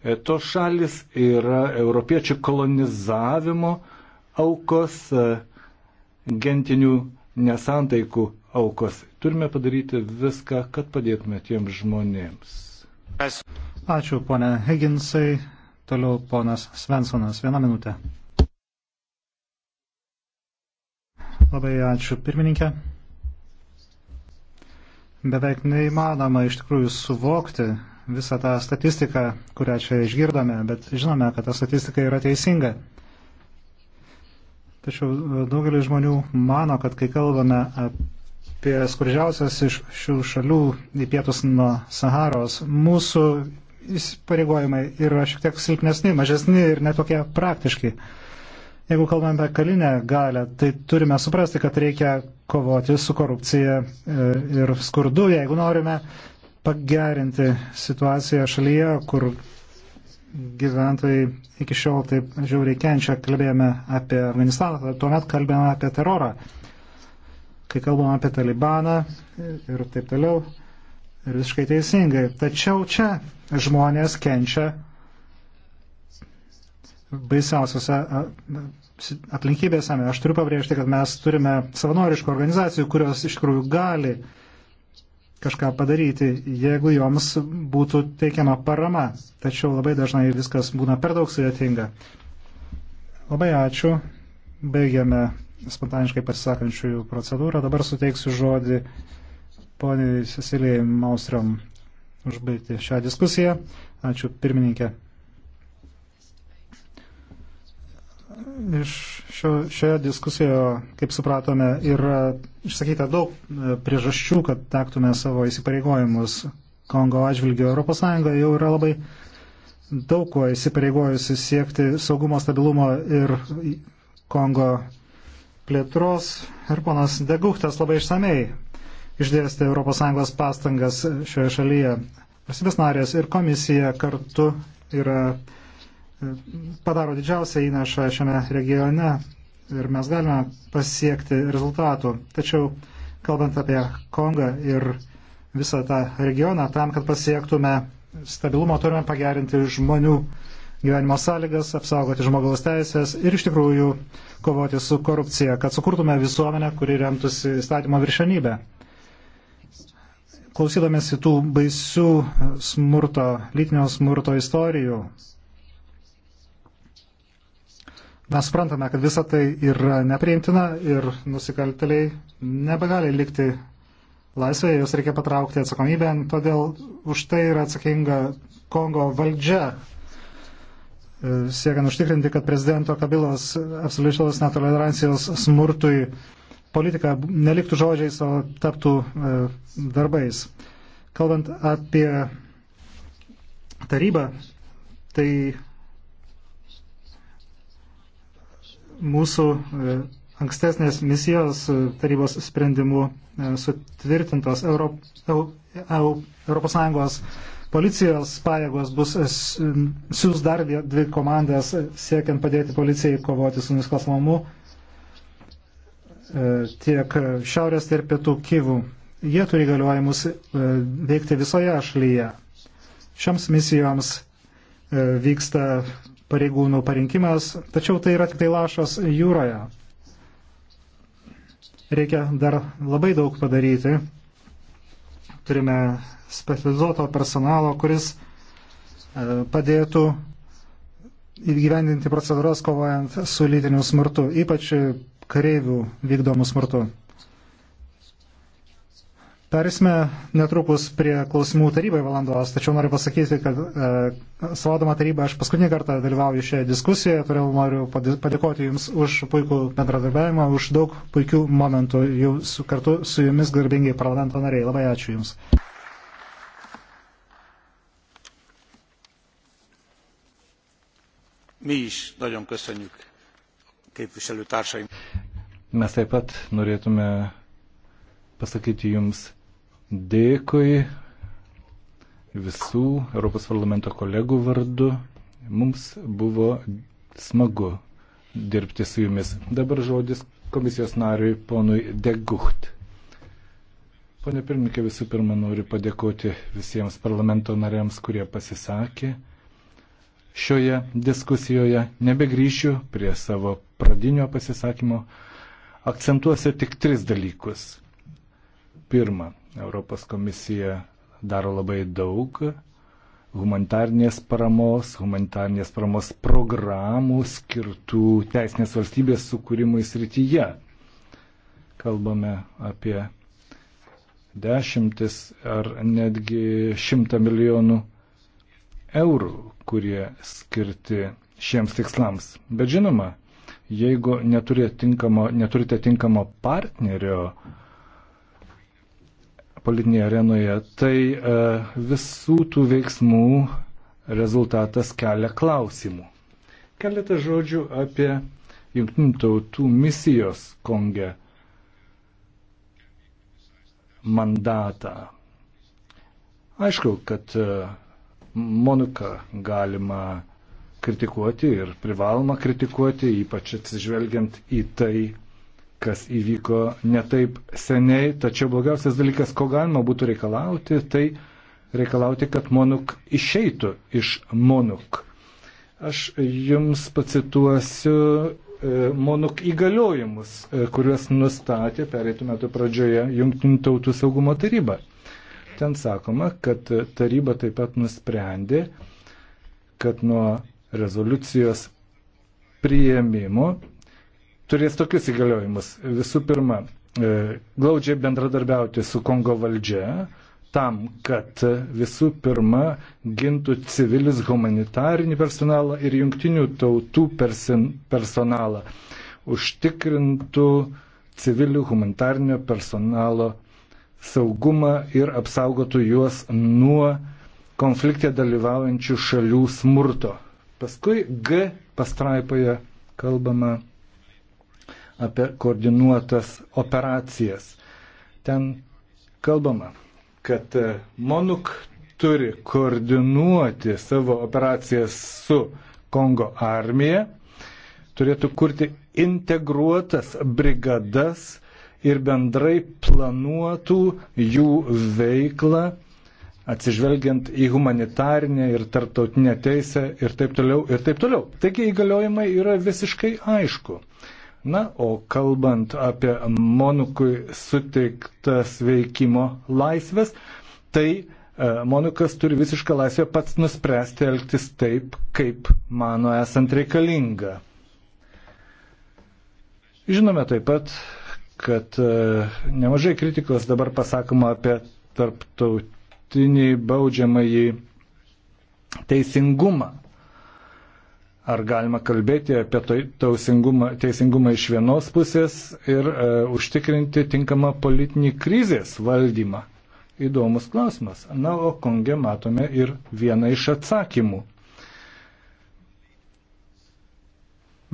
E, tos šalis yra europiečių kolonizavimo aukos. E, gentinių nesantaikų aukos. Turime padaryti viską, kad padėtume tiems žmonėms. Ačiū, ponė Higginsai. Toliau ponas Svensonas. Vieną minutę. Labai ačiū, pirmininkė. Beveik neįmanoma iš tikrųjų suvokti visą tą statistiką, kurią čia išgirdome, bet žinome, kad ta statistika yra teisinga. Tačiau e, daugelis žmonių mano, kad kai kalbame apie skurdžiausias iš šių šalių į pietus nuo Saharos, mūsų įsipareigojimai yra šiek tiek silpnesni, mažesni ir netokie praktiški. Jeigu kalbame apie kalinę galę, tai turime suprasti, kad reikia kovoti su korupcija e, ir skurdu, jeigu norime pagerinti situaciją šalyje, kur gyventojai iki šiol taip žiauriai kenčia, kalbėjome apie Afganistaną, tuomet kalbėjome apie terorą. Kai kalbame apie Talibaną ir taip toliau, ir visiškai teisingai. Tačiau čia žmonės kenčia baisiausiose aplinkybėse. Aš turiu pabrėžti, kad mes turime savanoriškų organizacijų, kurios iš tikrųjų gali uh, kažką padaryti, jeigu joms būtų teikiama parama. Tačiau labai dažnai viskas būna per daug sudėtinga. Labai ačiū. Baigiame spontaniškai pasisakančiųjų procedūrą. Dabar suteiksiu žodį poniai Cecilijai Maustrom užbaigti šią diskusiją. Ačiū pirmininkė. iš šio, šioje diskusijoje, kaip supratome, yra išsakyta daug e, priežasčių, kad tektume savo įsipareigojimus Kongo atžvilgiu. ES jau yra labai daug kuo įsipareigojusi siekti saugumo, stabilumo ir Kongo plėtros. Ir ponas Deguhtas labai išsamei išdėstė ES pastangas šioje šalyje. Valstybės narės ir komisija kartu yra padaro didžiausią įnašą šiame regione ir mes galime pasiekti rezultatų. Tačiau, kalbant apie Kongą ir visą tą regioną, tam, kad pasiektume stabilumo, turime pagerinti žmonių gyvenimo sąlygas, apsaugoti žmogaus teisės ir iš tikrųjų kovoti su korupcija, kad sukurtume visuomenę, kuri remtųsi įstatymo viršenybę. Klausydamėsi tų baisių smurto, lytinio smurto istorijų, Mes suprantame, kad visa tai yra nepriimtina ir nusikalteliai nebegali likti laisvėje, juos reikia patraukti atsakomybę, todėl už tai yra atsakinga Kongo valdžia, e, siekiant užtikrinti, kad prezidento Kabilos absoliučios netolerancijos smurtui politika neliktų žodžiais, o taptų e, darbais. Kalbant apie tarybą, tai mūsų e, ankstesnės misijos e, tarybos sprendimu e, sutvirtintos Euro, ES policijos pajėgos bus siūs dar dvi komandas siekiant padėti policijai kovoti su nusikalstamumu tiek šiaurės ir pietų kivų. Jie turi galiojimus veikti visoje šalyje. Šioms misijoms vyksta pareigūnų parinkimas, tačiau tai yra tik tai lašas jūroje. Reikia dar labai daug padaryti. Turime specializuoto personalo, kuris e, padėtų įgyvendinti procedūras kovojant su lytiniu smurtu, ypač kareivių vykdomu smurtu. Tarsime netrukus prie klausimų tarybai valandos, tačiau noriu pasakyti, kad e, svodama taryba aš paskutinį kartą dalyvauju šioje diskusijoje, todėl noriu padėkoti Jums už puikų bendradarbiavimą, už daug puikių momentų jau su, kartu su Jumis garbingiai parlamento nariai. Labai ačiū Jums. Mi is nagyon köszönjük képviselőtársaim. Mes taip pat norėtume pasakyti Jums Dėkui visų Europos parlamento kolegų vardu. Mums buvo smagu dirbti su jumis. Dabar žodis komisijos nariui ponui Degucht. Pone pirmininkė, visų pirma noriu padėkoti visiems parlamento nariams, kurie pasisakė. Šioje diskusijoje nebegrįšiu prie savo pradinio pasisakymo. Akcentuosiu tik tris dalykus. Pirma, Europos komisija daro labai daug humanitarnės paramos, humanitarnės paramos programų skirtų teisinės valstybės sukūrimui srityje. Kalbame apie dešimtis ar netgi šimtą milijonų eurų, kurie skirti šiems tikslams. Bet žinoma, jeigu neturite tinkamo, neturite tinkamo partnerio, politinėje arenoje, tai e, visų tų veiksmų rezultatas kelia klausimų. Keletą žodžių apie jungtinių tautų misijos Konge mandatą. Aišku, kad e, Monuką galima kritikuoti ir privaloma kritikuoti, ypač atsižvelgiant į tai, kas įvyko netaip seniai, tačiau blogiausias dalykas, ko galima būtų reikalauti, tai reikalauti, kad Monuk išeitų iš Monuk. Aš jums pacituosiu e, Monuk įgaliojimus, e, kuriuos nustatė pereitų metų pradžioje Junktinių tautų saugumo taryba. Ten sakoma, kad taryba taip pat nusprendė, kad nuo rezoliucijos prieimimo turės tokius įgaliojimus. Visų pirma, e, glaudžiai bendradarbiauti su Kongo valdžia tam, kad visų pirma gintų civilis humanitarinį personalą ir jungtinių tautų persin, personalą, užtikrintų civilių humanitarinio personalo saugumą ir apsaugotų juos nuo konflikte dalyvaujančių šalių smurto. Paskui G pastraipoje kalbama apie koordinuotas operacijas. Ten kalbama, kad e, Monuk turi koordinuoti savo operacijas su Kongo armija, turėtų kurti integruotas brigadas ir bendrai planuotų jų veiklą, atsižvelgiant į humanitarinę ir tarptautinę teisę ir taip toliau ir taip toliau. Taigi įgaliojimai yra visiškai aišku. Na, o kalbant apie Monukui suteiktas veikimo laisvės, tai e, Monukas turi visišką laisvę pats nuspręsti elgtis taip, kaip mano esant reikalinga. Žinome taip pat, kad e, nemažai kritikos dabar pasakoma apie tarptautinį baudžiamąjį teisingumą. Ar galima kalbėti apie teisingumą, teisingumą iš vienos pusės ir e, užtikrinti tinkamą politinį krizės valdymą? Įdomus klausimas. Na, o Konge matome ir vieną iš atsakymų.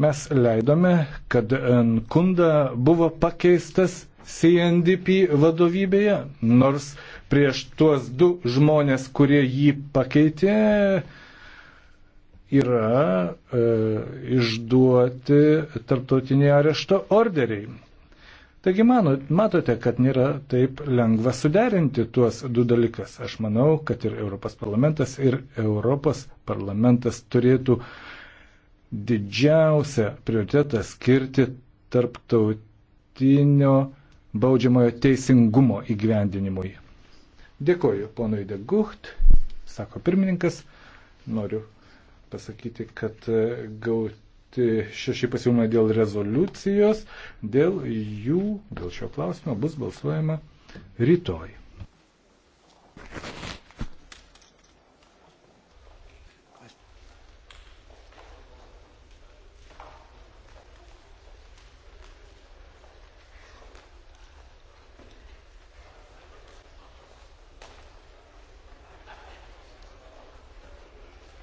Mes leidome, kad Nkunda buvo pakeistas CNDP vadovybėje, nors prieš tuos du žmonės, kurie jį pakeitė, e, yra e, išduoti tarptautiniai arešto orderiai. Taigi mano, matote, kad nėra taip lengva suderinti tuos du dalykas. Aš manau, kad ir Europos parlamentas, ir Europos parlamentas turėtų didžiausią prioritetą skirti tarptautinio baudžiamojo teisingumo įgyvendinimui. Dėkoju ponui Degucht, sako pirmininkas, noriu pasakyti, kad e, gauti šeši pasiūlymai dėl rezoliucijos, dėl jų, dėl šio klausimo bus balsuojama rytoj.